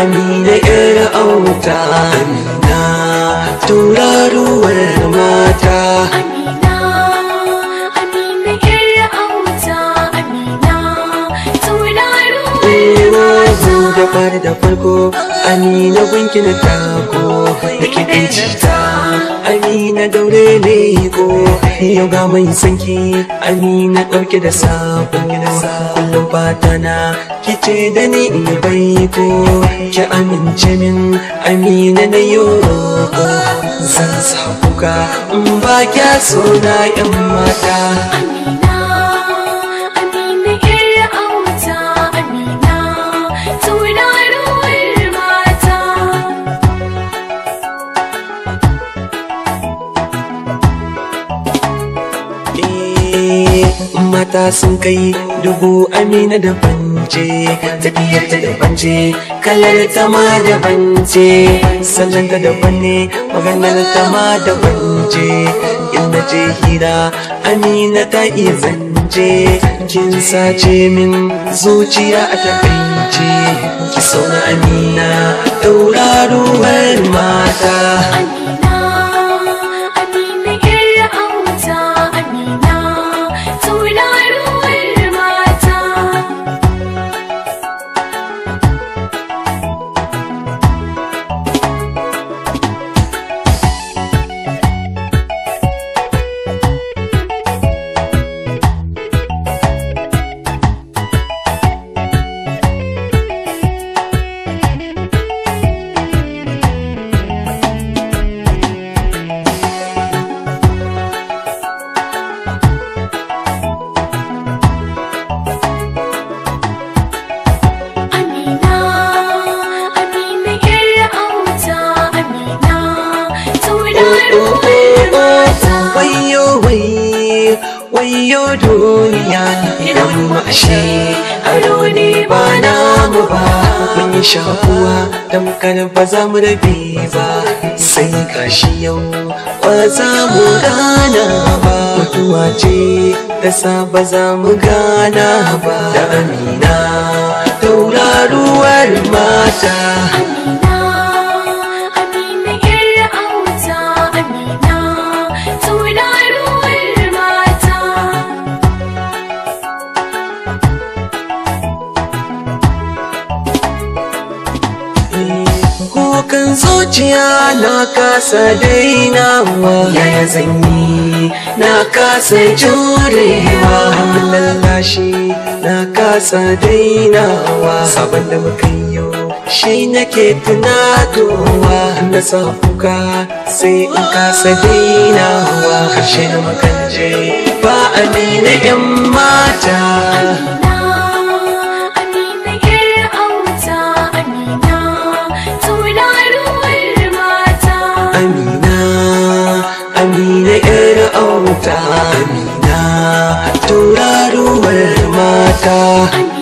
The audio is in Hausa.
amina yar auta amina turaruwar mata Amina Amina da farko amina gunki na tako da kiɗin cita amina daure ne ko yau ga mai sanki amina ɗauke da sabo kullum fata na kice da ni in bai ko ki amince min amina na yoro zan sa kuka in ba kya so na yan mata mata sun kai dubu amina da bance tafiyar ta da bance kalar ta ma da bance sallan ta da bane maganar ta ma da bance inda je hira amina ta iya zance kin sace min zuciya a takaice ki sauna amina daura wayo duniya idan mu ashe aro ne ba na ba mun yi shakuwa damkar ba za mu rabe ba sai gashi yau ba za mu gana ba mutuwa ce ƙasa ba za mu gana ba da amina tauraruwar mata kan zuciya na kasa dainawa yaya zanyi na kasa jurewa lallashi na kasa dainawa sabon da muka shi nake tunadowa na safuka sai in kasa dainawa karshe na makanje ba amina yan mata na auta amina tauraruwar mata